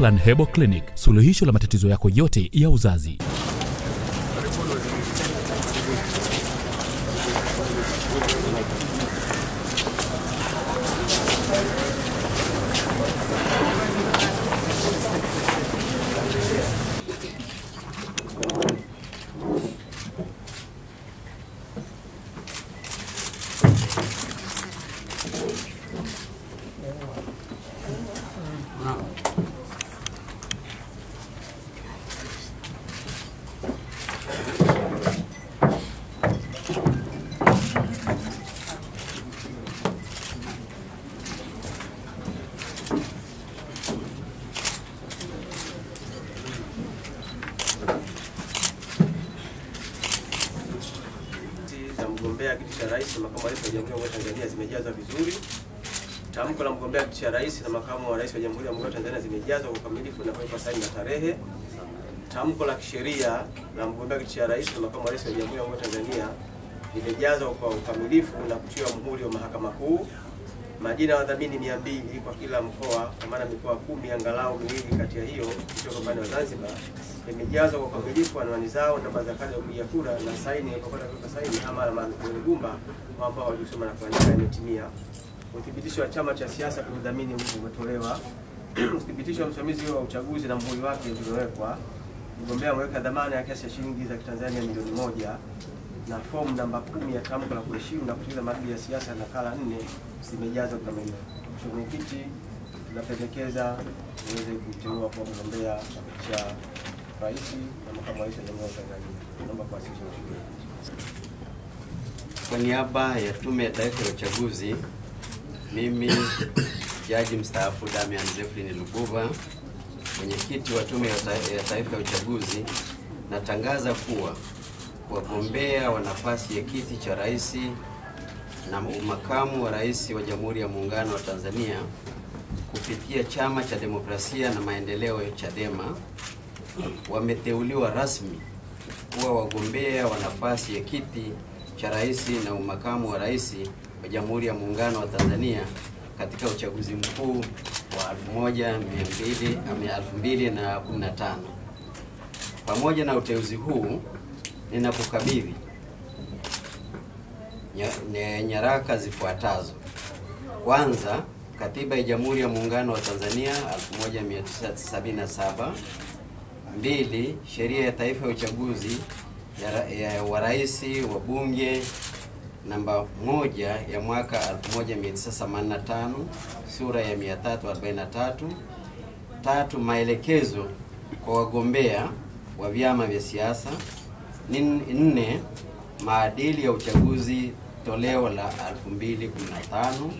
Plan Hebo Clinic, suluhisho la matatizo yako yote ya uzazi. Muungano wa Tanzania zimejazwa vizuri. Tamko la mgombea kiti cha rais na makamu wa rais wa Jamhuri ya Muungano wa Tanzania zimejazwa kwa ukamilifu na kuwekwa saini na tarehe. Tamko la kisheria la mgombea kiti cha rais na makamu wa rais wa Jamhuri ya Muungano wa Tanzania limejazwa kwa ukamilifu na kutiwa muhuri wa Mahakama Kuu. Majina ya wadhamini mia mbili kwa kila mkoa, kwa maana mikoa kumi angalau miwili kati ya hiyo kutoka upande wa Zanzibar imejazwa kwa ukamilifu anwani zao, namba za kadi za kupiga kura na saini iliyopata kwa saini ama alama za Gumba ambao walisoma na kuandika imetimia. Uthibitisho wa chama cha siasa kiudhamini huu umetolewa. Uthibitisho wa msimamizi wa uchaguzi na mhuri wake uliowekwa. Mgombea ameweka dhamana ya kiasi cha shilingi za Kitanzania milioni moja na fomu namba kumi ya tamko la kuheshimu na kutimiza maadili ya siasa nakala nne zimejazwa kikamilifu. Mwenyekiti, tunapendekeza uweze kuteua kwa mgombea cha Rais na Makamu wa Rais wa Jamhuri ya Tanzania, naomba kuwasilisha Mheshimiwa. Kwa niaba ya Tume ya Taifa ya Uchaguzi, mimi Jaji mstaafu Damian Jeffrey Lubuva, mwenyekiti wa Tume ya Taifa ya Uchaguzi, natangaza kuwa wagombea wa nafasi ya kiti cha rais na makamu wa rais wa Jamhuri ya Muungano wa Tanzania kupitia Chama cha Demokrasia na Maendeleo, CHADEMA, wameteuliwa rasmi kuwa wagombea wa nafasi ya kiti cha rais na umakamu wa rais wa Jamhuri ya Muungano wa Tanzania katika uchaguzi mkuu wa 2015. Pamoja na uteuzi huu, ninakukabidhi nyaraka zifuatazo. Kwanza, Katiba ya Jamhuri ya Muungano wa Tanzania 1977 Mbili, sheria ya taifa ya uchaguzi ya, ya warais wa bunge namba moja ya mwaka 1985 sura ya 343. Tatu, maelekezo kwa wagombea wa vyama vya siasa. Nne, maadili ya uchaguzi toleo la 2015.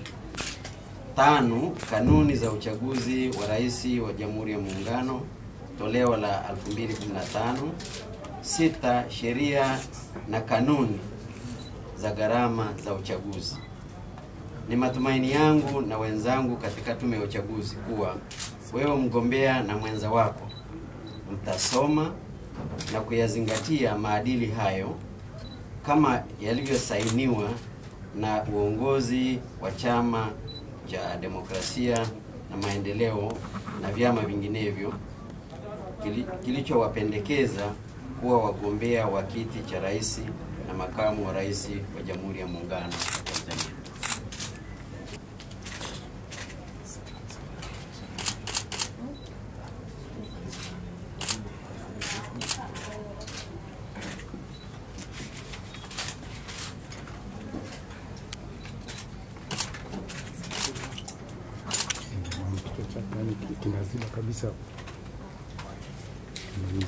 Tano, kanuni za uchaguzi wa rais wa Jamhuri ya Muungano toleo la 2015. Sita, sheria na kanuni za gharama za uchaguzi. Ni matumaini yangu na wenzangu katika Tume ya Uchaguzi kuwa wewe mgombea na mwenza wako mtasoma na kuyazingatia maadili hayo kama yalivyosainiwa na uongozi wa Chama cha Demokrasia na Maendeleo na vyama vinginevyo kilichowapendekeza kuwa wagombea wa kiti cha rais na makamu wa rais wa Jamhuri ya Muungano wa Tanzania. kinazima kabisa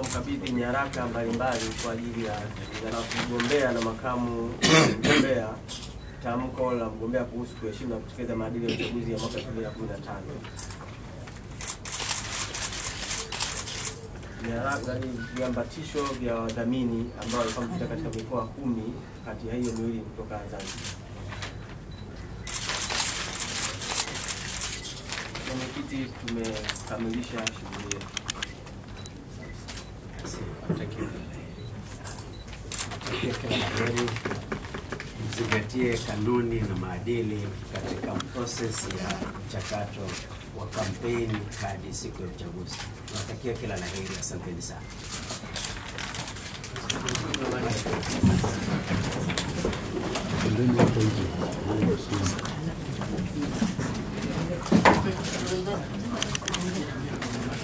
kumkabidhi nyaraka mbalimbali kwa ajili ya kugombea na makamu mgombea tamko la mgombea kuhusu kuheshimu na kutekeleza maadili ya uchaguzi ya mwaka 2015. nyaraka viambatisho vya wadhamini ambao walikuwa wamepita katika mikoa kumi kati ya hiyo miwili kutoka Zanzibar. Mwenyekiti, tumekamilisha shughuli yetu mzingatie kanuni na maadili katika proses ya mchakato wa kampeni hadi siku ya uchaguzi. Natakia kila la heri, asanteni sana.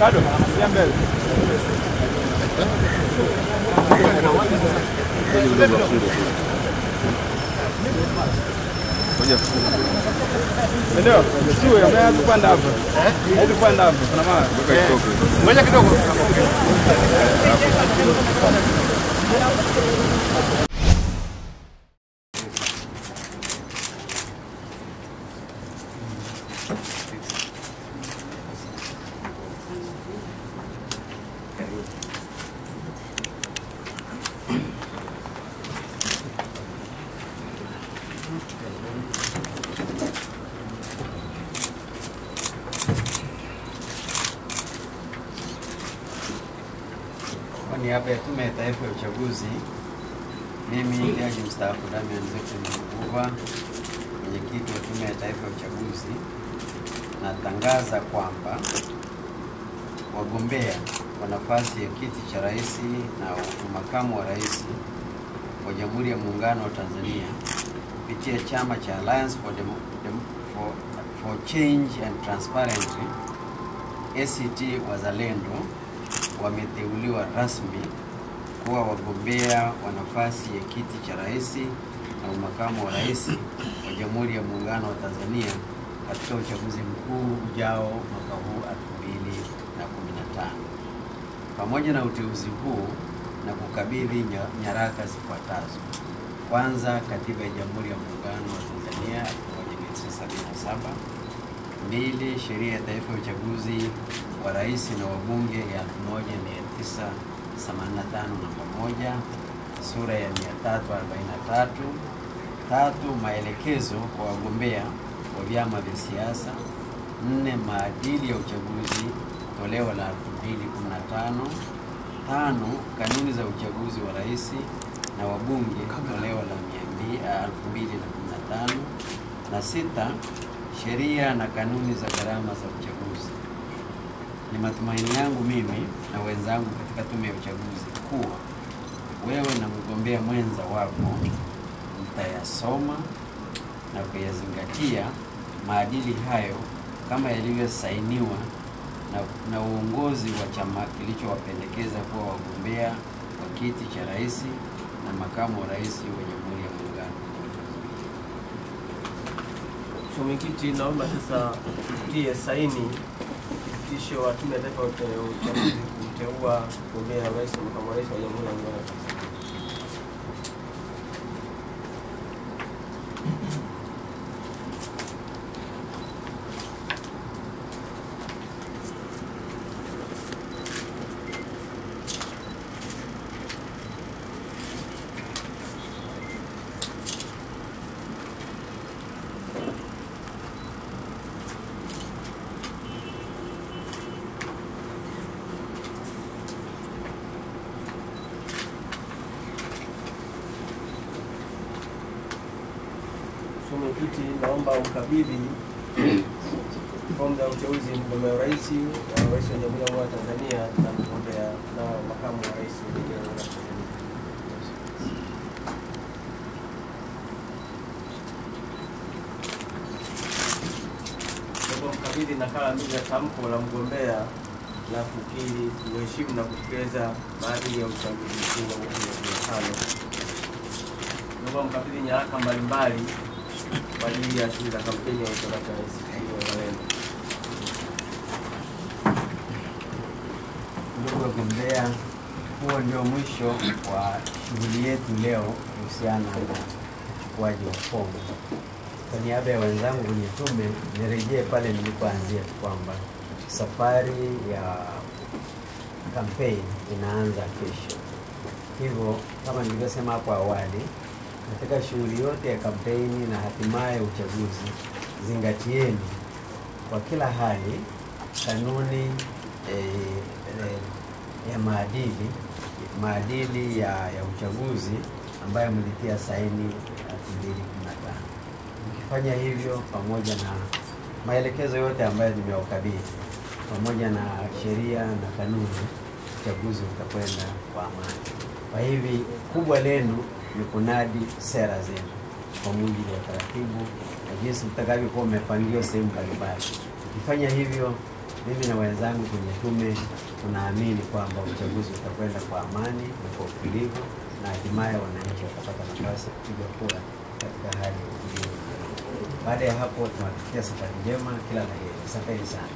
Bado anasikia mbele. Ndio, sio yameanza kupanda hapa. Eh? Hadi kupanda hapa kuna maana. Ngoja kidogo. niaba ya Tume ya Taifa ya Uchaguzi, mimi jaji mstaafu Damian Zefton Lukuva, mwenyekiti wa Tume ya Taifa ya Uchaguzi, natangaza kwamba wagombea kwa nafasi ya kiti cha rais na makamu wa rais wa Jamhuri ya Muungano wa Tanzania kupitia chama cha Alliance for, Demo, Demo, for, for Change and Transparency ACT Wazalendo wameteuliwa rasmi kuwa wagombea wa nafasi ya kiti cha rais na umakamu wa rais wa Jamhuri ya Muungano wa Tanzania katika uchaguzi mkuu ujao mwaka huu 2015. Pamoja na uteuzi huu na kukabidhi nyaraka zifuatazo. Kwanza, katiba ya Jamhuri ya Muungano wa Tanzania 1977. Mbili, sheria ya taifa ya uchaguzi wa rais na wabunge ya 1985 namba moja sura ya 343. Tatu, maelekezo kwa wagombea wa vyama vya siasa. Nne, maadili ya uchaguzi toleo la 2015. Tano, kanuni za uchaguzi wa rais na wabunge toleo la 2015. Na sita, sheria na kanuni za gharama za uchaguzi. Ni matumaini yangu mimi na wenzangu katika Tume ya Uchaguzi kuwa wewe na mgombea mwenza wako mtayasoma na kuyazingatia maadili hayo kama yalivyosainiwa na, na uongozi wa chama kilichowapendekeza kuwa wagombea wa kiti cha rais na makamu wa rais wa Jamhuri ya Muungano. Mwenyekiti, naomba sasa tie saini upishi wa Tume ya Taifa ya Uchaguzi kumteua mgombea makamu wa rais wa Jamhuri ya Muungano wa Tanzania. Mheshimiwa Mwenyekiti, naomba ukabidhi fomu za uteuzi mgombea rais na rais wa Jamhuri ya Muungano wa Tanzania na mgombea na makamu wa rais wa Jamhuri ya Muungano wa Tanzania. kukabidhi nakala mbili ya tamko la mgombea na kukiri kuheshimu na kutekeleza maadili ya uchaguzi mkuu wa 2025. mkabidhi nyaraka mbalimbali kwa ajili ya shughuli za kampeni ya utokaji wa wa Wazalendo. Ndugu wagombea, huo ndio mwisho wa shughuli yetu leo kuhusiana na uchukuaji wa fomu. Kwa niaba ya wenzangu kwenye tume, nirejee pale nilipoanzia kwamba safari ya kampeni inaanza kesho. Hivyo kama nilivyosema hapo awali, katika shughuli yote ya kampeni na hatimaye uchaguzi, zingatieni kwa kila hali kanuni e, e, ya maadili maadili ya, ya uchaguzi ambayo mlitia saini 2015. Mkifanya hivyo pamoja na maelekezo yote ambayo nimewakabidhi pamoja na sheria na kanuni, uchaguzi utakwenda kwa amani. Kwa hivi kubwa lenu ni kunadi sera zenu kwa mujibu wa taratibu na jinsi mtakavyokuwa mmepangiwa sehemu mbalimbali. Ukifanya hivyo, mimi na wenzangu kwenye tume tunaamini kwamba uchaguzi utakwenda kwa amani na kwa utulivu na hatimaye wananchi watapata nafasi ya kupiga kura katika hali ya utulivu. Baada ya hapo, tunawatakia safari njema, kila la heri. Asanteni sana.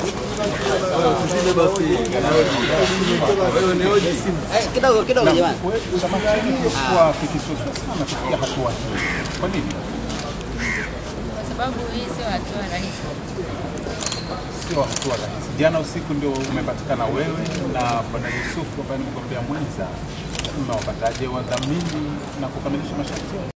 Tusile basi. kidogo kidogo jamani. hatua hii. Sio hatua rahisi. Jana usiku ndio umepatikana wewe na Bwana Yusufu ambaye ni mgombea mwenza. Mnawapataje wadhamini na kukamilisha masharti